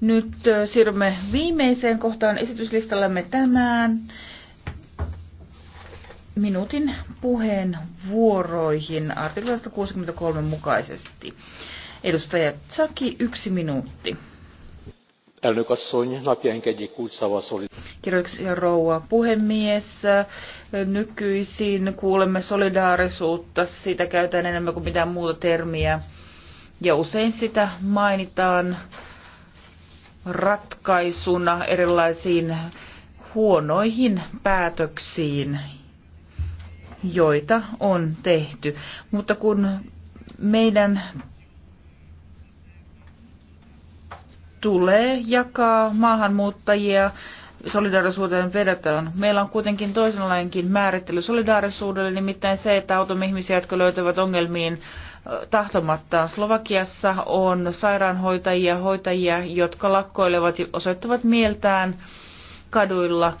Nyt siirrymme viimeiseen kohtaan esityslistallamme tämän minuutin puheen vuoroihin artiklasta 63 mukaisesti. Edustaja Tsaki, yksi minuutti. Kirjoituksia rouva puhemies. Nykyisin kuulemme solidaarisuutta, sitä käytetään enemmän kuin mitään muuta termiä. Ja usein sitä mainitaan ratkaisuna erilaisiin huonoihin päätöksiin, joita on tehty. Mutta kun meidän tulee jakaa maahanmuuttajia solidaarisuuteen vedetään. Meillä on kuitenkin toisenlainenkin määrittely solidaarisuudelle, nimittäin se, että autamme ihmisiä, jotka löytävät ongelmiin tahtomattaan. Slovakiassa on sairaanhoitajia, hoitajia, jotka lakkoilevat ja osoittavat mieltään kaduilla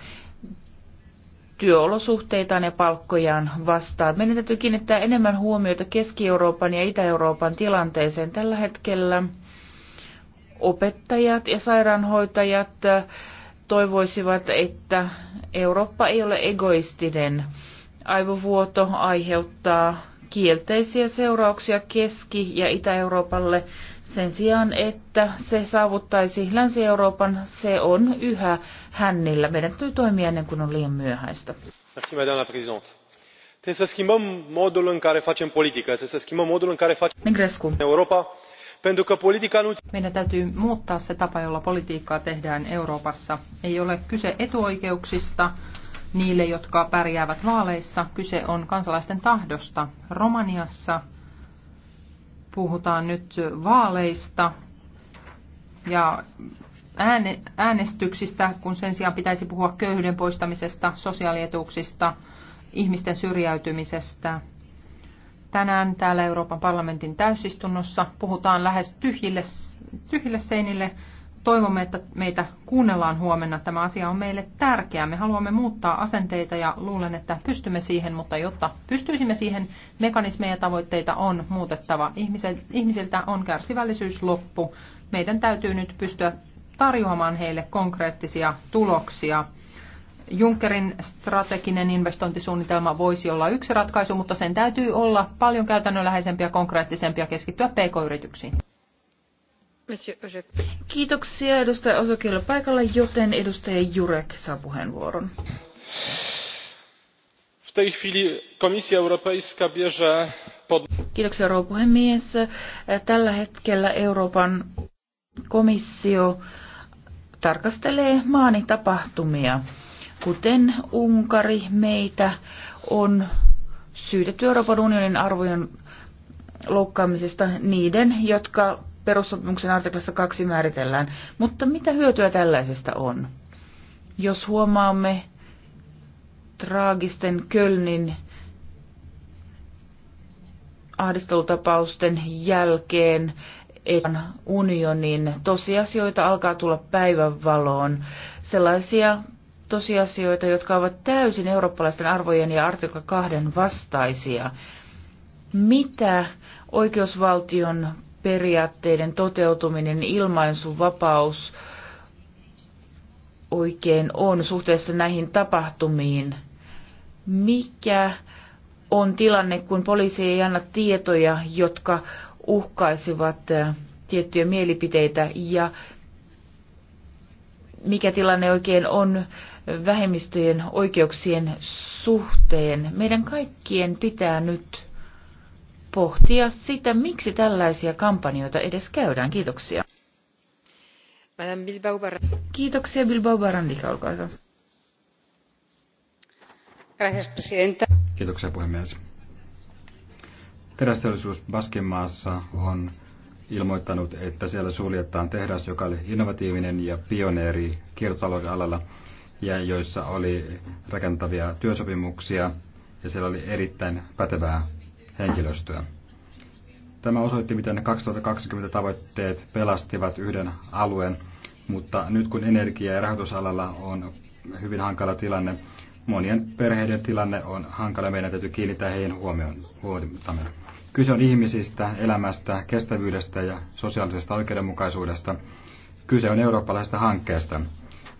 työolosuhteitaan ja palkkojaan vastaan. Meidän täytyy kiinnittää enemmän huomiota Keski-Euroopan ja Itä-Euroopan tilanteeseen tällä hetkellä. Opettajat ja sairaanhoitajat toivoisivat, että Eurooppa ei ole egoistinen. Aivovuoto aiheuttaa kielteisiä seurauksia Keski- ja Itä-Euroopalle. Sen sijaan, että se saavuttaisi Länsi-Euroopan, se on yhä hännillä. Meidän täytyy toimia ennen kuin on liian myöhäistä. Merci, madame la présidente. Trebuie să schimbăm modul în care facem politică, trebuie să schimbăm modul în care facem Europa, pentru că politica nu... Meidän täytyy muuttaa se tapa, jolla politiikkaa tehdään Euroopassa. Ei ole kyse etuoikeuksista, niille, jotka pärjäävät vaaleissa. Kyse on kansalaisten tahdosta. Romaniassa puhutaan nyt vaaleista ja äänestyksistä, kun sen sijaan pitäisi puhua köyhyyden poistamisesta, sosiaalietuuksista, ihmisten syrjäytymisestä. Tänään täällä Euroopan parlamentin täysistunnossa puhutaan lähes tyhjille, tyhjille seinille Toivomme, että meitä kuunnellaan huomenna. Tämä asia on meille tärkeä. Me haluamme muuttaa asenteita ja luulen, että pystymme siihen, mutta jotta pystyisimme siihen, mekanismeja ja tavoitteita on muutettava. Ihmisiltä on kärsivällisyys loppu. Meidän täytyy nyt pystyä tarjoamaan heille konkreettisia tuloksia. Junckerin strateginen investointisuunnitelma voisi olla yksi ratkaisu, mutta sen täytyy olla paljon käytännönläheisempiä ja konkreettisempia keskittyä pk-yrityksiin. Kiitoksia. Edustaja Osok paikalla, joten edustaja Jurek saa puheenvuoron. W tej chwili Komisja Europejska bierze pod... Kiitoksia, rouva puhemies. Tällä hetkellä Euroopan komissio tarkastelee maani tapahtumia, kuten Unkari meitä on syytetty Euroopan unionin arvojen loukkaamisesta niiden, jotka perussopimuksen artiklassa kaksi määritellään. Mutta mitä hyötyä tällaisesta on? Jos huomaamme traagisten Kölnin ahdistelutapausten jälkeen Euroopan unionin tosiasioita alkaa tulla päivänvaloon. Sellaisia tosiasioita, jotka ovat täysin eurooppalaisten arvojen ja artikla 2 vastaisia. Mitä oikeusvaltion periaatteiden toteutuminen, ilmaisuvapaus oikein on suhteessa näihin tapahtumiin. Mikä on tilanne, kun poliisi ei anna tietoja, jotka uhkaisivat äh, tiettyjä mielipiteitä ja mikä tilanne oikein on vähemmistöjen oikeuksien suhteen. Meidän kaikkien pitää nyt pohtia sitä, miksi tällaisia kampanjoita edes käydään. Kiitoksia. Bilbao Barandika. Kiitoksia Bilbao Barandika, olkaa hyvä. Gracias, presidenta. Kiitoksia puhemies. Terästeollisuus Baskimaassa on ilmoittanut, että siellä suljetaan tehdas, joka oli innovatiivinen ja pioneeri kiertotalouden alalla ja joissa oli rakentavia työsopimuksia ja siellä oli erittäin pätevää henkilöstöä. Tämä osoitti, miten 2020 tavoitteet pelastivat yhden alueen, mutta nyt kun energia- ja rahoitusalalla on hyvin hankala tilanne, monien perheiden tilanne on hankala. Meidän täytyy kiinnittää heidän huomioon, huomiota. Kyse on ihmisistä, elämästä, kestävyydestä ja sosiaalisesta oikeudenmukaisuudesta. Kyse on eurooppalaisesta hankkeesta.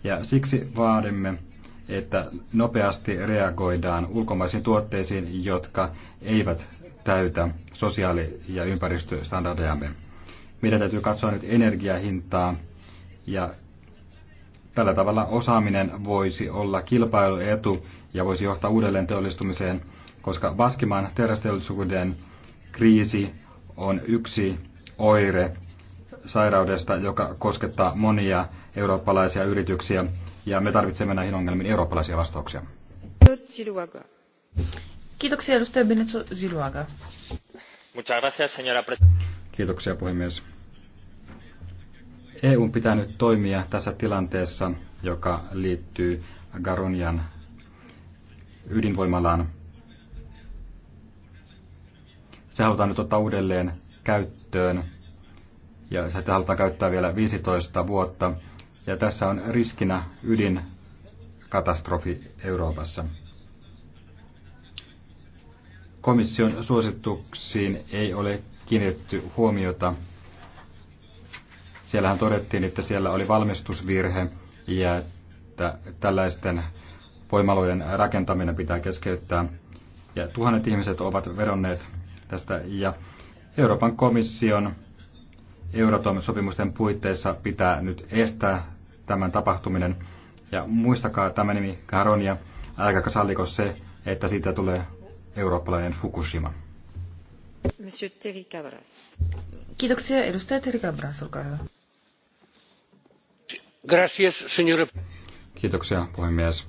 Ja siksi vaadimme, että nopeasti reagoidaan ulkomaisiin tuotteisiin, jotka eivät täytä sosiaali- ja ympäristöstandardejamme. Meidän täytyy katsoa nyt energiahintaa ja tällä tavalla osaaminen voisi olla kilpailuetu ja voisi johtaa uudelleen teollistumiseen, koska Baskimaan terästeollisuuden kriisi on yksi oire sairaudesta, joka koskettaa monia eurooppalaisia yrityksiä, ja me tarvitsemme näihin ongelmiin eurooppalaisia vastauksia. Kiitoksia edustaja Benetso Ziluaga. Kiitoksia puhemies. EU pitää nyt toimia tässä tilanteessa, joka liittyy Garonian ydinvoimalaan. Se halutaan nyt ottaa uudelleen käyttöön ja se halutaan käyttää vielä 15 vuotta. Ja tässä on riskinä ydinkatastrofi Euroopassa komission suosituksiin ei ole kiinnitetty huomiota. Siellähän todettiin, että siellä oli valmistusvirhe ja että tällaisten voimaloiden rakentaminen pitää keskeyttää. Ja tuhannet ihmiset ovat veronneet tästä ja Euroopan komission Euratom-sopimusten puitteissa pitää nyt estää tämän tapahtuminen. Ja muistakaa tämä nimi Karonia, älkääkä salliko se, että siitä tulee eurooppalainen Fukushima. Monsieur Terry Cabras. Kiitoksia. Edustaja Terry Cabras, olkaa hyvä. Gracias, señor. Kiitoksia, puhemies.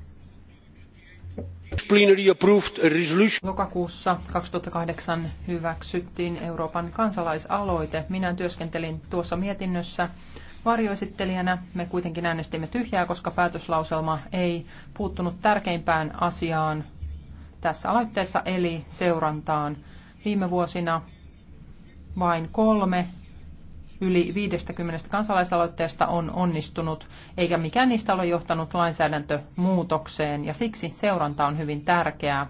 Lokakuussa 2008 hyväksyttiin Euroopan kansalaisaloite. Minä työskentelin tuossa mietinnössä varjoesittelijänä. Me kuitenkin äänestimme tyhjää, koska päätöslauselma ei puuttunut tärkeimpään asiaan tässä aloitteessa, eli seurantaan. Viime vuosina vain kolme yli 50 kansalaisaloitteesta on onnistunut, eikä mikään niistä ole johtanut lainsäädäntömuutokseen, ja siksi seuranta on hyvin tärkeää.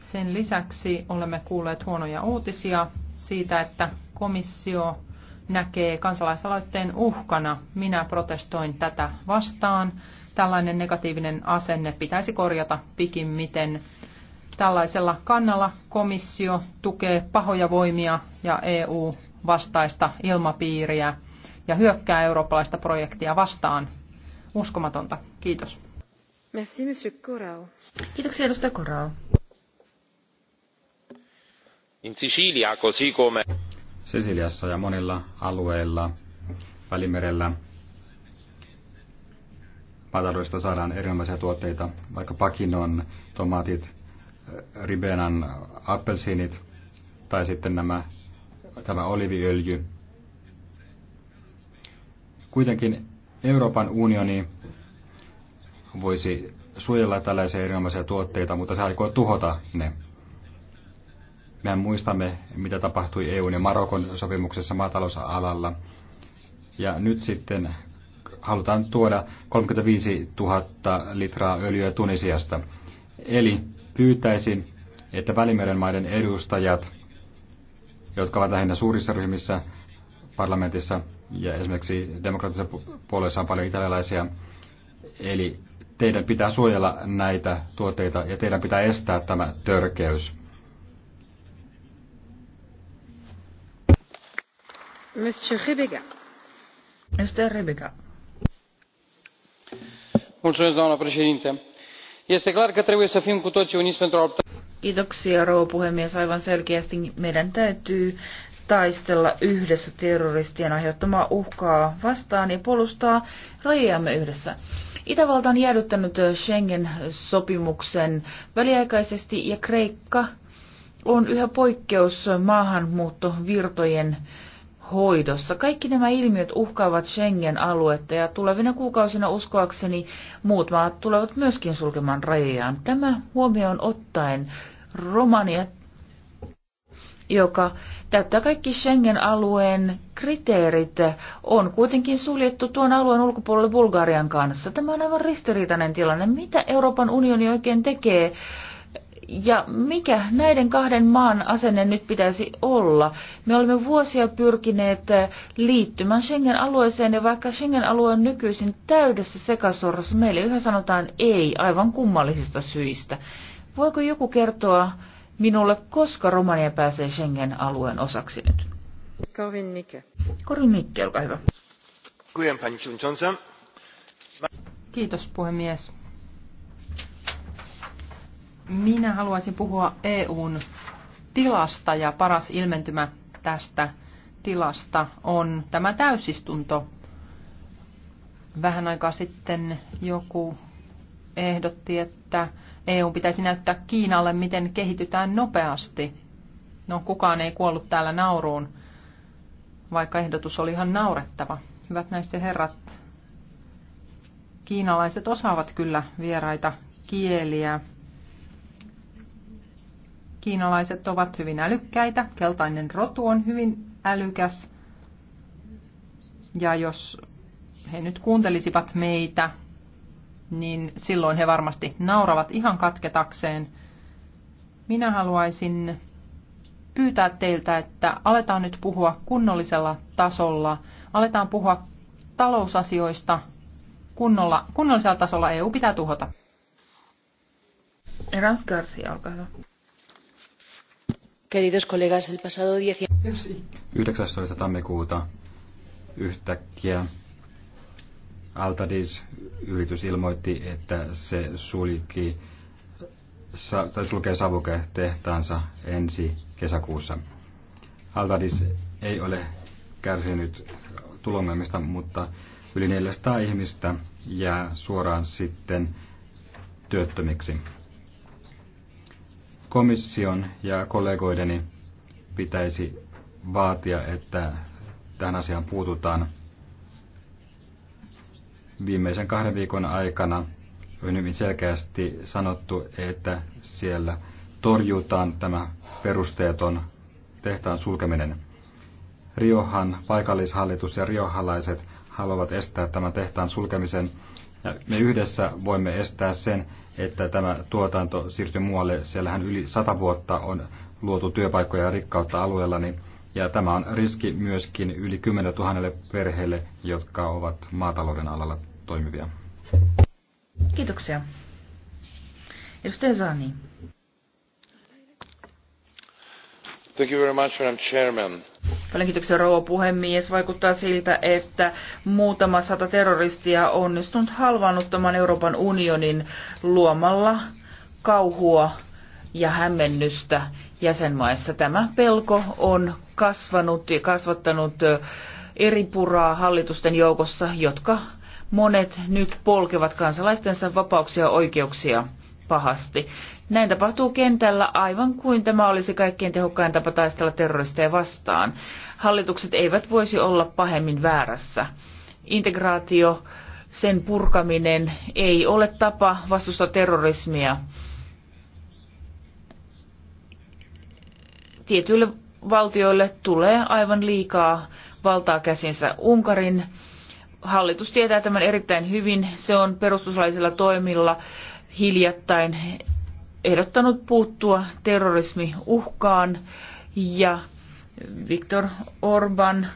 Sen lisäksi olemme kuulleet huonoja uutisia siitä, että komissio näkee kansalaisaloitteen uhkana. Minä protestoin tätä vastaan. Tällainen negatiivinen asenne pitäisi korjata pikimmiten. Tällaisella kannalla komissio tukee pahoja voimia ja EU-vastaista ilmapiiriä ja hyökkää eurooppalaista projektia vastaan. Uskomatonta. Kiitos. Merci, monsieur Corao. Kiitoksia, edustaja Corao. In Sicilia, così come... Sisiliassa ja monilla alueilla Välimerellä maataloudesta saadaan erinomaisia tuotteita, vaikka pakinon tomaatit Ribenan appelsiinit tai sitten nämä, tämä oliviöljy. Kuitenkin Euroopan unioni voisi suojella tällaisia erinomaisia tuotteita, mutta se aikoo tuhota ne. Mehän muistamme, mitä tapahtui EUn ja Marokon sopimuksessa maatalousalalla. Ja nyt sitten halutaan tuoda 35 000 litraa öljyä Tunisiasta. Eli pyytäisin, että Välimeren maiden edustajat, jotka ovat lähinnä suurissa ryhmissä parlamentissa, ja esimerkiksi demokraattisessa puolueessa on paljon italialaisia, eli teidän pitää suojella näitä tuotteita ja teidän pitää estää tämä törkeys. Monsieur Rebecca. Monsieur Rebecca. Mulțumesc, doamna președinte este clar că trebuie să fim Kiitoksia, rouva puhemies. Aivan selkeästi meidän täytyy taistella yhdessä terroristien aiheuttamaa uhkaa vastaan ja puolustaa rajojamme yhdessä. Itävalta on jäädyttänyt Schengen-sopimuksen väliaikaisesti ja Kreikka on yhä poikkeus maahanmuuttovirtojen virtojen hoidossa. Kaikki nämä ilmiöt uhkaavat Schengen-aluetta ja tulevina kuukausina uskoakseni muut maat tulevat myöskin sulkemaan rajojaan. Tämä huomioon ottaen Romania, joka täyttää kaikki Schengen-alueen kriteerit, on kuitenkin suljettu tuon alueen ulkopuolelle Bulgarian kanssa. Tämä on aivan ristiriitainen tilanne. Mitä Euroopan unioni oikein tekee? Ja mikä näiden kahden maan asenne nyt pitäisi olla? Me olemme vuosia pyrkineet eh, liittymään Schengen-alueeseen ja vaikka Schengen-alue on nykyisin täydessä sekasorrossa, meille yhä sanotaan ei aivan kummallisista syistä. Voiko joku kertoa minulle, koska Romania pääsee Schengen-alueen osaksi nyt? Korin Mikke. Korin Mikke, olkaa hyvä. Kiitos puhemies minä haluaisin puhua EUn tilasta ja paras ilmentymä tästä tilasta on tämä täysistunto. Vähän aikaa sitten joku ehdotti, että EU pitäisi näyttää Kiinalle, miten kehitytään nopeasti. No kukaan ei kuollut täällä nauruun, vaikka ehdotus oli ihan naurettava. Hyvät naiset herrat, kiinalaiset osaavat kyllä vieraita kieliä Kiinalaiset ovat hyvin älykkäitä, keltainen rotu on hyvin älykäs. Ja jos he nyt kuuntelisivat meitä, niin silloin he varmasti nauravat ihan katketakseen. Minä haluaisin pyytää teiltä, että aletaan nyt puhua kunnollisella tasolla, aletaan puhua talousasioista kunnolla, kunnollisella tasolla EU pitää tuhota. Eräs Garcia, olkaa hyvä. Queridos colegas, el pasado 19. tammikuuta yhtäkkiä Altadis-yritys ilmoitti, että se sulki, tai sulkee tehtaansa ensi kesäkuussa. Altadis ei ole kärsinyt tulongelmista, mutta yli 400 ihmistä jää suoraan sitten työttömiksi. Komission ja kollegoideni pitäisi vaatia, että tähän asiaan puututaan. Viimeisen kahden viikon aikana on hyvin selkeästi sanottu, että siellä torjutaan tämä perusteeton tehtaan sulkeminen. Riohan paikallishallitus ja riohalaiset haluavat estää tämän tehtaan sulkemisen ja me yhdessä voimme estää sen, että tämä tuotanto siirtyy muualle. Siellähän yli sata vuotta on luotu työpaikkoja ja rikkautta alueella, niin ja tämä on riski myöskin yli 10 000 perheelle, jotka ovat maatalouden alalla toimivia. Kiitoksia. Edustaja Zani. Thank you very much, Madam Chairman. Paljon kiitoksia rouva puhemies. Vaikuttaa siltä, että muutama sata terroristia on onnistunut halvaannuttamaan Euroopan unionin luomalla kauhua ja hämmennystä jäsenmaissa. Tämä pelko on kasvanut ja kasvattanut eri puraa hallitusten joukossa, jotka monet nyt polkevat kansalaistensa vapauksia ja oikeuksia pahasti. Näin tapahtuu kentällä aivan kuin tämä olisi kaikkein tehokkain tapa taistella terroristeja vastaan. Hallitukset eivät voisi olla pahemmin väärässä. Integraatio, sen purkaminen ei ole tapa vastustaa terrorismia. Tietyille valtioille tulee aivan liikaa valtaa käsinsä Unkarin. Hallitus tietää tämän erittäin hyvin. Se on perustuslaisilla toimilla hiljattain ehdottanut puuttua terrorismiuhkaan ja Viktor Orban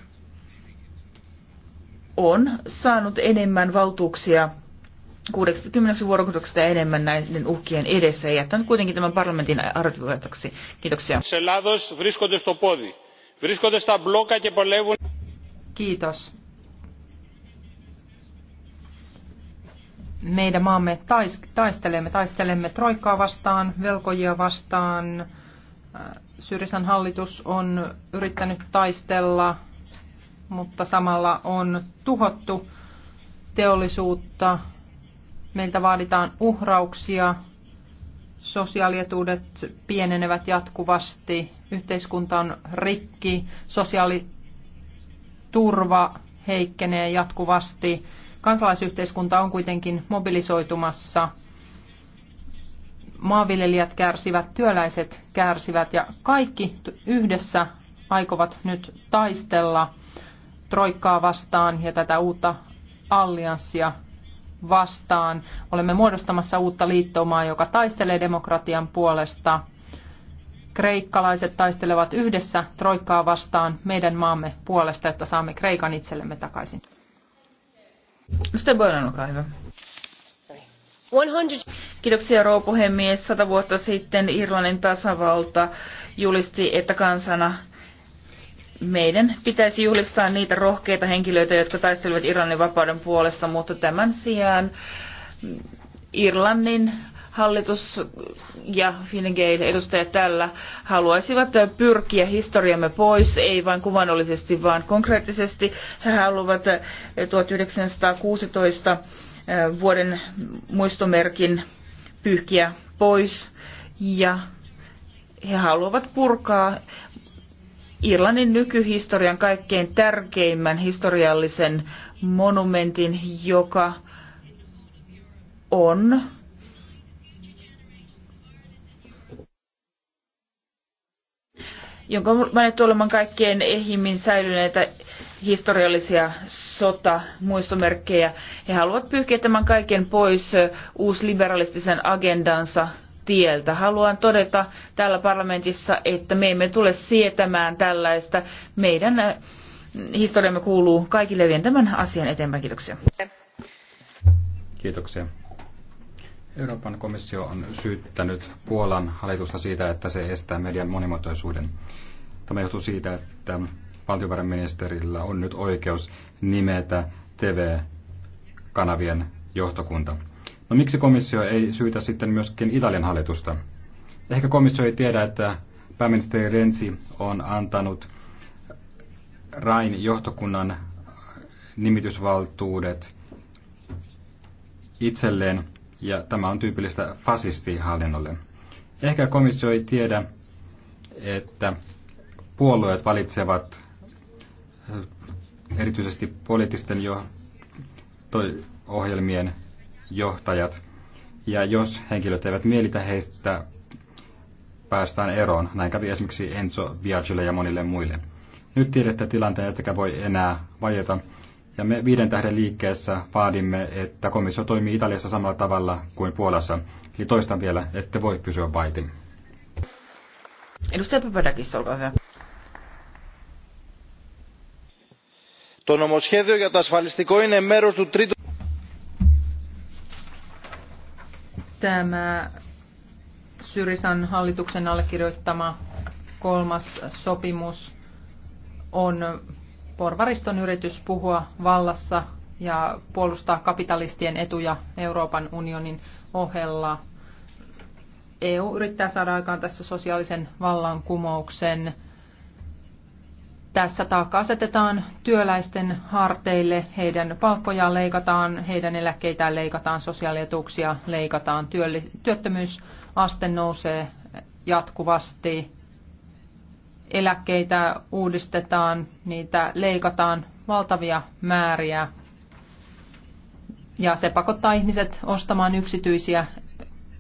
on saanut enemmän valtuuksia 60 vuorokaudeksi enemmän näiden uhkien edessä ja jättänyt kuitenkin tämän parlamentin arvioitaksi. Kiitoksia. Kiitos meidän maamme taistelemme. Taistelemme troikkaa vastaan, velkojia vastaan. Äh, Syrisan hallitus on yrittänyt taistella, mutta samalla on tuhottu teollisuutta. Meiltä vaaditaan uhrauksia. Sosiaalietuudet pienenevät jatkuvasti. Yhteiskunta on rikki. Sosiaaliturva heikkenee jatkuvasti Kansalaisyhteiskunta on kuitenkin mobilisoitumassa. Maanviljelijät kärsivät, työläiset kärsivät ja kaikki yhdessä aikovat nyt taistella troikkaa vastaan ja tätä uutta allianssia vastaan. Olemme muodostamassa uutta liittoumaa, joka taistelee demokratian puolesta. Kreikkalaiset taistelevat yhdessä troikkaa vastaan meidän maamme puolesta, jotta saamme Kreikan itsellemme takaisin. Mr. Boylan, olkaa hyvä. 100... Kiitoksia rouva puhemies. Sata vuotta sitten Irlannin tasavalta julisti, että kansana meidän pitäisi julistaa niitä rohkeita henkilöitä, jotka taistelivat Irlannin vapauden puolesta, mutta tämän sijaan Irlannin hallitus ja Fine Gael edustajat tällä haluaisivat pyrkiä historiamme pois, ei vain kuvanollisesti, vaan konkreettisesti. He haluavat 1916 vuoden muistomerkin pyyhkiä pois ja he haluavat purkaa Irlannin nykyhistorian kaikkein tärkeimmän historiallisen monumentin, joka on jonka on mainittu olemaan kaikkein ehimmin säilyneitä historiallisia sota-muistomerkkejä. He haluavat pyyhkiä tämän kaiken pois uusliberalistisen agendansa tieltä. Haluan todeta täällä parlamentissa, että me emme tule sietämään tällaista. Meidän äh, historiamme kuuluu kaikille vien tämän asian eteenpäin. Kiitoksia. Kiitoksia. Euroopan komissio on syyttänyt Puolan hallitusta siitä, että se estää median monimuotoisuuden. Tämä johtuu siitä, että valtiovarainministerillä on nyt oikeus nimetä TV-kanavien johtokunta. No miksi komissio ei syytä sitten myöskin Italian hallitusta? Ehkä komissio ei tiedä, että pääministeri Renzi on antanut Rain johtokunnan nimitysvaltuudet itselleen ja tämä on tyypillistä fasistihallinnolle. Ehkä komissio ei tiedä, että puolueet valitsevat eh, erityisesti poliittisten jo, toi, ohjelmien johtajat, ja jos henkilöt eivät mielitä heistä, päästään eroon. Näin kävi esimerkiksi Enzo Biagille ja monille muille. Nyt tiedätte tilanteen, ettekä voi enää vajeta. Ja me viiden tähden liikkeessä vaadimme, että komissio toimii Italiassa samalla tavalla kuin Puolassa. Eli toistan vielä, että voi pysyä vaiti. Edustaja Papadakis, olkaa hyvä. Το νομοσχέδιο για το ασφαλιστικό είναι μέρος του τρίτου... Tämä Syrisan hallituksen allekirjoittama kolmas sopimus on porvariston yritys puhua vallassa ja puolustaa kapitalistien etuja Euroopan unionin ohella. EU yrittää saada aikaan tässä sosiaalisen vallankumouksen. Tässä taakka asetetaan työläisten harteille, heidän palkkojaan leikataan, heidän eläkkeitään leikataan, sosiaalietuuksia leikataan, työttömyysaste nousee jatkuvasti eläkkeitä uudistetaan, niitä leikataan valtavia määriä. Ja se pakottaa ihmiset ostamaan yksityisiä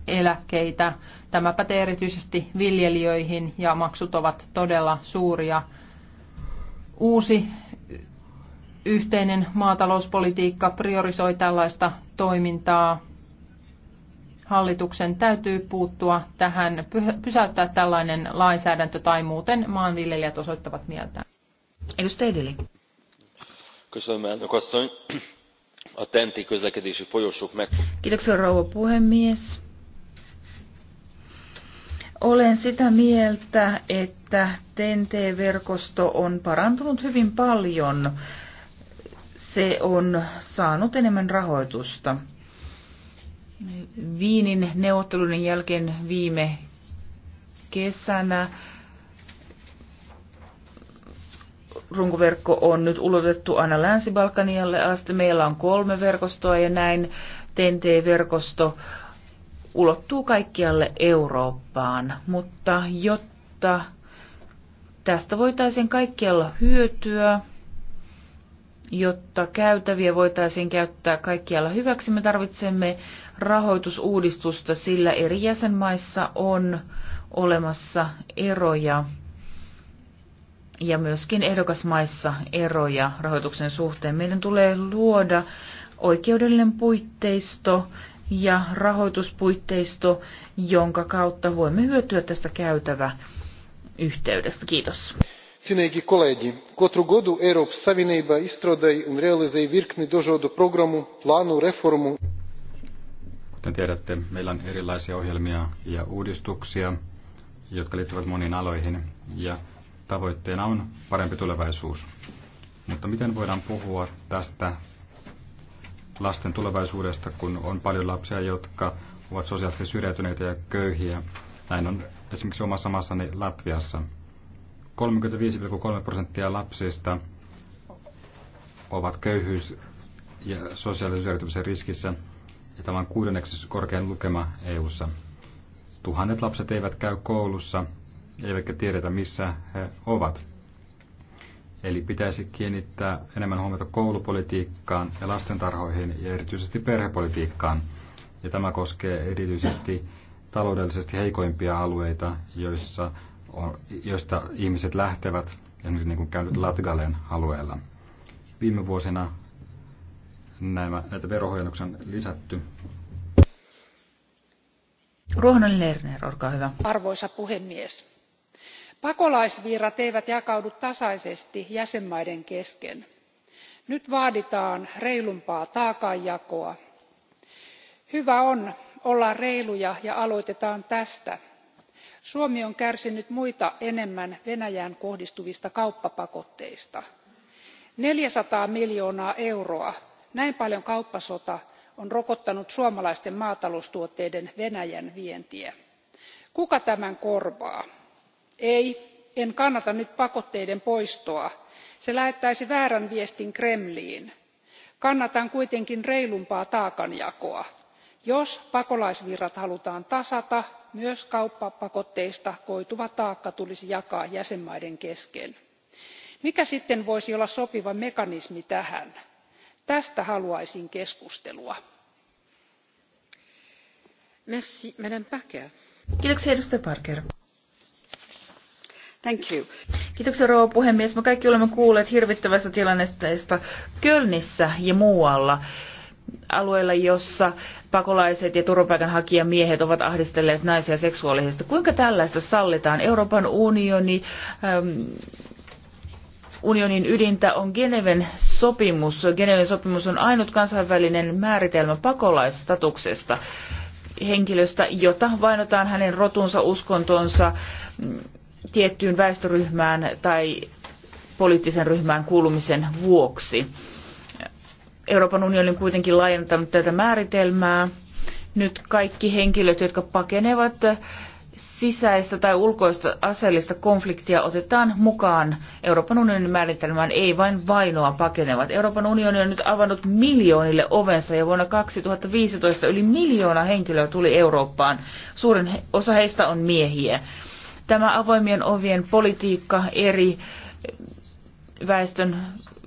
eläkkeitä. Tämä pätee erityisesti viljelijöihin ja maksut ovat todella suuria. Uusi yhteinen maatalouspolitiikka priorisoi tällaista toimintaa Hallituksen täytyy puuttua tähän, pysäyttää tällainen lainsäädäntö tai muuten maanviljelijät osoittavat mieltään. Edustaja Edeli. Kiitoksia rouva puhemies. Olen sitä mieltä, että TNT-verkosto on parantunut hyvin paljon. Se on saanut enemmän rahoitusta. Viinin neuvotteluiden jälkeen viime kesänä runkoverkko on nyt ulotettu aina Länsi-Balkanialle asti. Meillä on kolme verkostoa ja näin TNT-verkosto ulottuu kaikkialle Eurooppaan. Mutta jotta tästä voitaisiin kaikkialla hyötyä, Jotta käytäviä voitaisiin käyttää kaikkialla hyväksi, me tarvitsemme rahoitusuudistusta, sillä eri jäsenmaissa on olemassa eroja ja myöskin ehdokasmaissa eroja rahoituksen suhteen. Meidän tulee luoda oikeudellinen puitteisto ja rahoituspuitteisto, jonka kautta voimme hyötyä tästä käytävä yhteydestä. Kiitos cienīgi kolēģi katru gadu eiropas savienība izstrādāja un realizēja virkni dažādu programmu plānu reformu. Kuten tiedätte, meillä on erilaisia ohjelmia ja uudistuksia, jotka liittyvät moniin aloihin, ja tavoitteena on parempi tulevaisuus. Mutta miten voidaan puhua tästä lasten tulevaisuudesta, kun on paljon lapsia, jotka ovat sosiaalisesti syrjäytyneitä ja köyhiä? Näin on esimerkiksi omassa maassani Latviassa. 35,3 prosenttia lapsista ovat köyhyys- ja sosiaalisen riskissä, ja tämä on kuudenneksi korkein lukema EU:ssa. Tuhannet lapset eivät käy koulussa, eivätkä tiedetä missä he ovat. Eli pitäisi kiinnittää enemmän huomiota koulupolitiikkaan ja lastentarhoihin ja erityisesti perhepolitiikkaan. Ja tämä koskee erityisesti taloudellisesti heikoimpia alueita, joissa joista ihmiset lähtevät, esimerkiksi niin kuin käynyt Latgalen alueella. Viime vuosina näitä, näitä verohojennuksia on lisätty. Ruohonen Lerner, olkaa hyvä. Arvoisa puhemies. Pakolaisvirrat eivät jakaudu tasaisesti jäsenmaiden kesken. Nyt vaaditaan reilumpaa taakanjakoa. Hyvä on olla reiluja ja aloitetaan tästä suomi on kärsinyt muita enemmän venäjään kohdistuvista kauppapakotteista neljäsataa miljoonaa euroa näin paljon kauppasota on rokottanut suomalaisten maataloustuotteiden venäjän vientiä. kuka tämän korvaa? ei en kannata nyt pakotteiden poistoa se lähettäisi väärän viestin kremliin. kannatan kuitenkin reilumpaa taakanjakoa jos pakolaisvirrat halutaan tasata myös kauppapakotteista koituva taakka tulisi jakaa jäsenvaltioiden kesken. mikä sitten voisi olla sopiva mekanismi tähän? tästä haluaisin keskustelua. arvoisa puhemies me kaikki olemme kuulleet hirvittävästä tilanteesta kölnissä ja muualla alueilla, jossa pakolaiset ja turvapaikanhakijamiehet ovat ahdistelleet naisia seksuaalisesti. Kuinka tällaista sallitaan? Euroopan unioni, äm, unionin ydintä on Geneven sopimus. Geneven sopimus on ainut kansainvälinen määritelmä pakolaisstatuksesta henkilöstä, jota vainotaan hänen rotunsa, uskontonsa, mm, tiettyyn väestöryhmään tai poliittisen ryhmään kuulumisen vuoksi. Euroopan unioni on kuitenkin laajentanut tätä määritelmää. Nyt kaikki henkilöt, jotka pakenevat sisäistä tai ulkoista aseellista konfliktia otetaan mukaan Euroopan unionin määritelmään, ei vain vainoa pakenevat. Euroopan unioni on nyt avannut miljoonille ovensa ja vuonna 2015 yli miljoona henkilöä tuli Eurooppaan. Suurin osa heistä on miehiä. Tämä avoimien ovien politiikka eri väestön,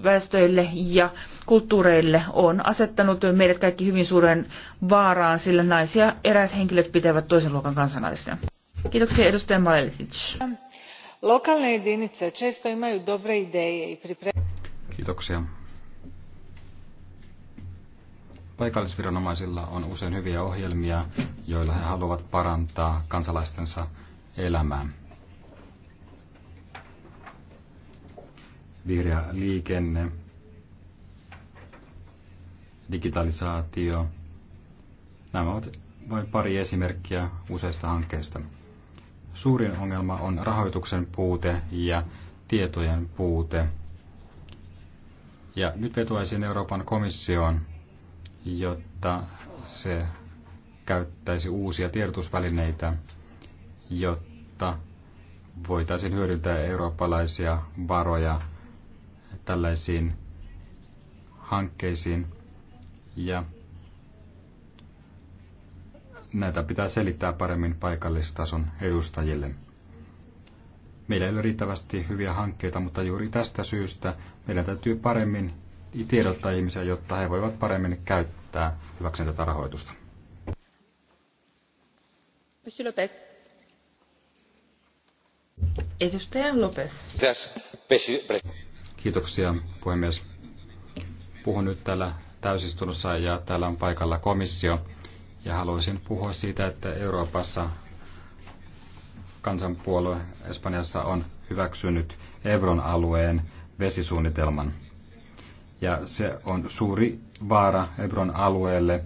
väestöille ja kulttuureille on asettanut meidät kaikki hyvin suuren vaaraan, sillä naisia eräät henkilöt pitävät toisen luokan kansanaisia. Kiitoksia edustaja Malelic. Lokalne jedinice često imaju dobre ideje i pripre... Kiitoksia. Paikallisviranomaisilla on usein hyviä ohjelmia, joilla he haluavat parantaa kansalaistensa elämää. vihreä liikenne, digitalisaatio. Nämä ovat vain pari esimerkkiä useista hankkeista. Suurin ongelma on rahoituksen puute ja tietojen puute. Ja nyt vetoaisin Euroopan komissioon, jotta se käyttäisi uusia tiedotusvälineitä, jotta voitaisiin hyödyntää eurooppalaisia varoja tällaisiin hankkeisiin ja näitä pitää selittää paremmin paikallistason edustajille. Meillä ei ole riittävästi hyviä hankkeita, mutta juuri tästä syystä meidän täytyy paremmin tiedottaa ihmisiä, jotta he voivat paremmin käyttää hyväkseen tätä rahoitusta. Monsieur Lopez. Edustaja Lopez. Kiitoksia, puhemies. Puhun nyt täällä täysistunnossa ja täällä on paikalla komissio. Ja haluaisin puhua siitä, että Euroopassa kansanpuolue Espanjassa on hyväksynyt Evron alueen vesisuunnitelman. Ja se on suuri vaara Ebron alueelle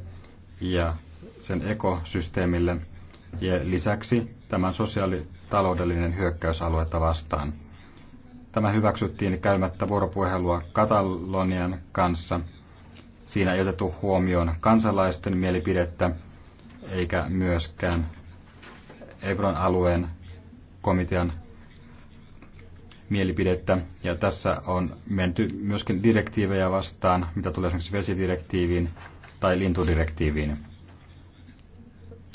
ja sen ekosysteemille. Ja lisäksi tämän sosiaalitaloudellinen hyökkäysaluetta vastaan – Tämä hyväksyttiin käymättä vuoropuhelua Katalonian kanssa. Siinä ei otettu huomioon kansalaisten mielipidettä eikä myöskään Ebron alueen komitean mielipidettä. Ja tässä on menty myöskin direktiivejä vastaan, mitä tulee esimerkiksi vesidirektiiviin tai lintudirektiiviin.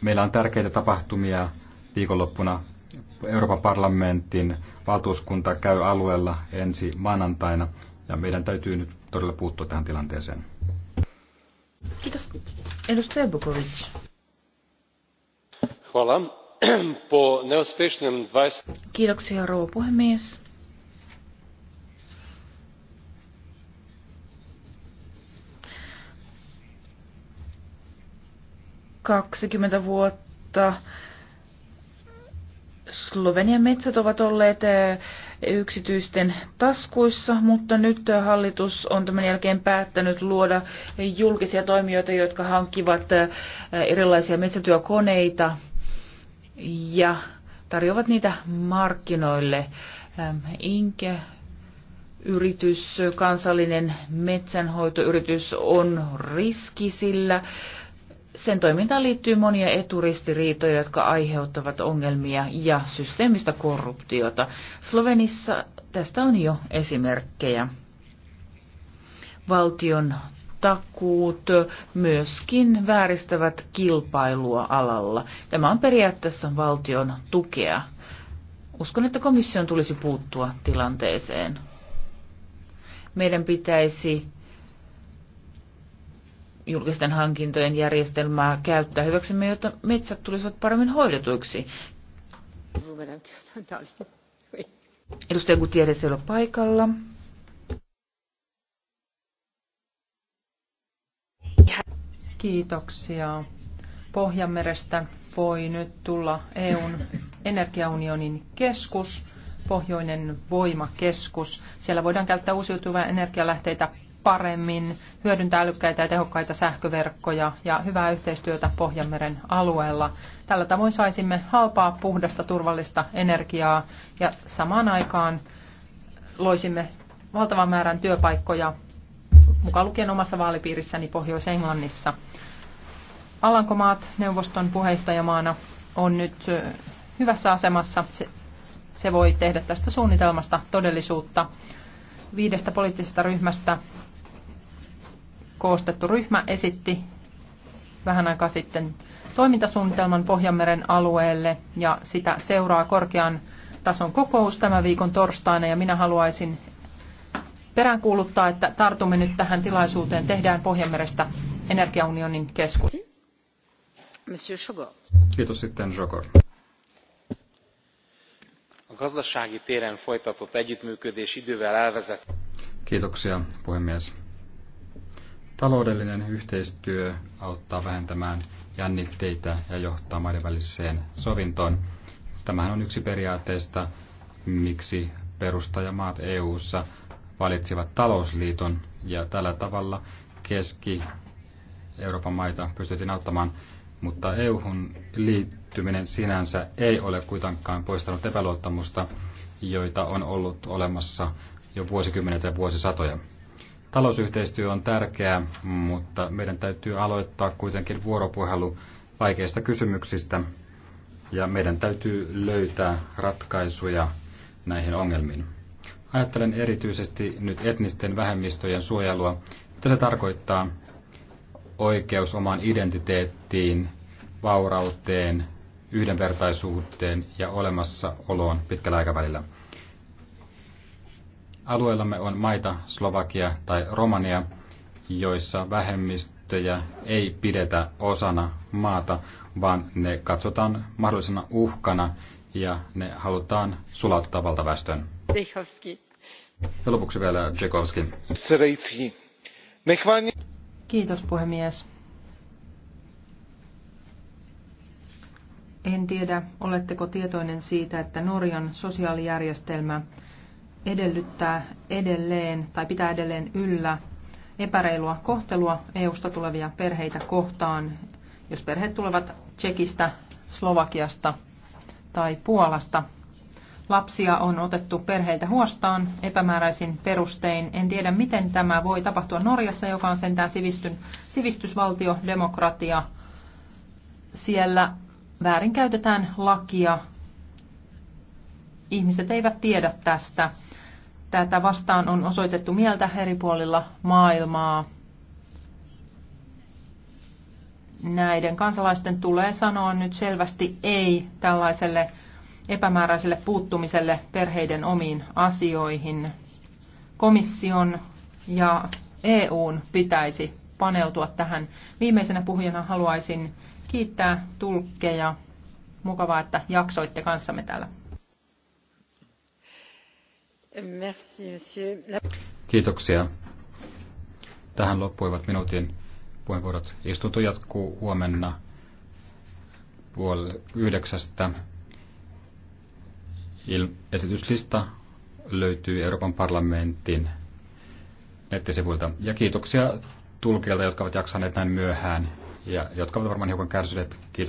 Meillä on tärkeitä tapahtumia viikonloppuna Euroopan parlamentin valtuuskunta käy alueella ensi maanantaina ja meidän täytyy nyt todella puuttua tähän tilanteeseen. Kiitos. Edustaja Bukovic. Kiitoksia, rouva puhemies. Kaksikymmentä vuotta Slovenian metsät ovat olleet eh, yksityisten taskuissa, mutta nyt eh, hallitus on tämän jälkeen päättänyt luoda julkisia toimijoita, jotka hankkivat eh, erilaisia metsätyökoneita ja tarjoavat niitä markkinoille. Ehm, Inke yritys, kansallinen metsänhoitoyritys on riski, sillä sen toimintaan liittyy monia eturistiriitoja, jotka aiheuttavat ongelmia ja systeemistä korruptiota. Slovenissa tästä on jo esimerkkejä. Valtion takuut myöskin vääristävät kilpailua alalla. Tämä on periaatteessa valtion tukea. Uskon, että komission tulisi puuttua tilanteeseen. Meidän pitäisi julkisten hankintojen järjestelmää käyttää hyväksemme, jotta metsät tulisivat paremmin hoidetuiksi. Edustaja Gutierrez ei ole paikalla. Kiitoksia. Pohjanmerestä voi nyt tulla EUn energiaunionin keskus, pohjoinen voimakeskus. Siellä voidaan käyttää uusiutuvia energialähteitä paremmin, hyödyntää älykkäitä ja tehokkaita sähköverkkoja ja hyvää yhteistyötä Pohjanmeren alueella. Tällä tavoin saisimme halpaa, puhdasta, turvallista energiaa ja samaan aikaan loisimme valtavan määrän työpaikkoja, mukaan lukien omassa vaalipiirissäni Pohjois-Englannissa. Alankomaat neuvoston puheenjohtajamaana on nyt hyvässä asemassa. Se, se voi tehdä tästä suunnitelmasta todellisuutta. Viidestä poliittisesta ryhmästä koostettu ryhmä esitti vähän aikaa sitten toimintasuunnitelman Pohjanmeren alueelle ja sitä seuraa korkean tason kokous tämän viikon torstaina ja minä haluaisin peräänkuuluttaa, että tartumme nyt tähän tilaisuuteen, tehdään Pohjanmerestä energiaunionin keskus. Kiitos sitten Jogor. gazdasági téren folytatott együttműködés idővel Kiitoksia, puhemies Taloudellinen yhteistyö auttaa vähentämään jännitteitä ja johtaa maiden väliseen sovintoon. Tämähän on yksi periaatteista, miksi perustajamaat EU:ssa valitsivat talousliiton ja tällä tavalla Keski-Euroopan maita pystyttiin auttamaan, mutta EU:hun liittyminen sinänsä ei ole kuitenkaan poistanut epäluottamusta, joita on ollut olemassa jo vuosikymmenet ja vuosisatoja. Talousyhteistyö on tärkeää, mutta meidän täytyy aloittaa kuitenkin vuoropuhelu vaikeista kysymyksistä ja meidän täytyy löytää ratkaisuja näihin ongelmiin. Ajattelen erityisesti nyt etnisten vähemmistöjen suojelua. Mitä se tarkoittaa? Oikeus omaan identiteettiin, vaurauteen, yhdenvertaisuuteen ja olemassaoloon pitkällä aikavälillä – Alueellamme on maita, Slovakia tai Romania, joissa vähemmistöjä ei pidetä osana maata, vaan ne katsotaan mahdollisena uhkana ja ne halutaan sulattaa valtaväestön. Ja lopuksi vielä Tsekovski. Kiitos puhemies. En tiedä, oletteko tietoinen siitä, että Norjan sosiaalijärjestelmä edellyttää edelleen tai pitää edelleen yllä epäreilua kohtelua EUsta tulevia perheitä kohtaan, jos perheet tulevat Tsekistä, Slovakiasta tai Puolasta. Lapsia on otettu perheiltä huostaan epämääräisin perustein. En tiedä, miten tämä voi tapahtua Norjassa, joka on sentään sivistyn, sivistysvaltio, demokratia. Siellä väärinkäytetään lakia. Ihmiset eivät tiedä tästä. Tätä vastaan on osoitettu mieltä eri puolilla maailmaa. Näiden kansalaisten tulee sanoa nyt selvästi ei tällaiselle epämääräiselle puuttumiselle perheiden omiin asioihin. Komission ja EUn pitäisi paneutua tähän. Viimeisenä puhujana haluaisin kiittää tulkkeja. Mukavaa, että jaksoitte kanssamme täällä Kiitoksia. Tähän loppuivat minuutin puheenvuorot. Istunto jatkuu huomenna puoli yhdeksästä. esityslista löytyy Euroopan parlamentin nettisivuilta. Ja kiitoksia tulkijoilta, jotka ovat jaksaneet näin myöhään ja jotka ovat varmaan hiukan kärsineet. Kiitos.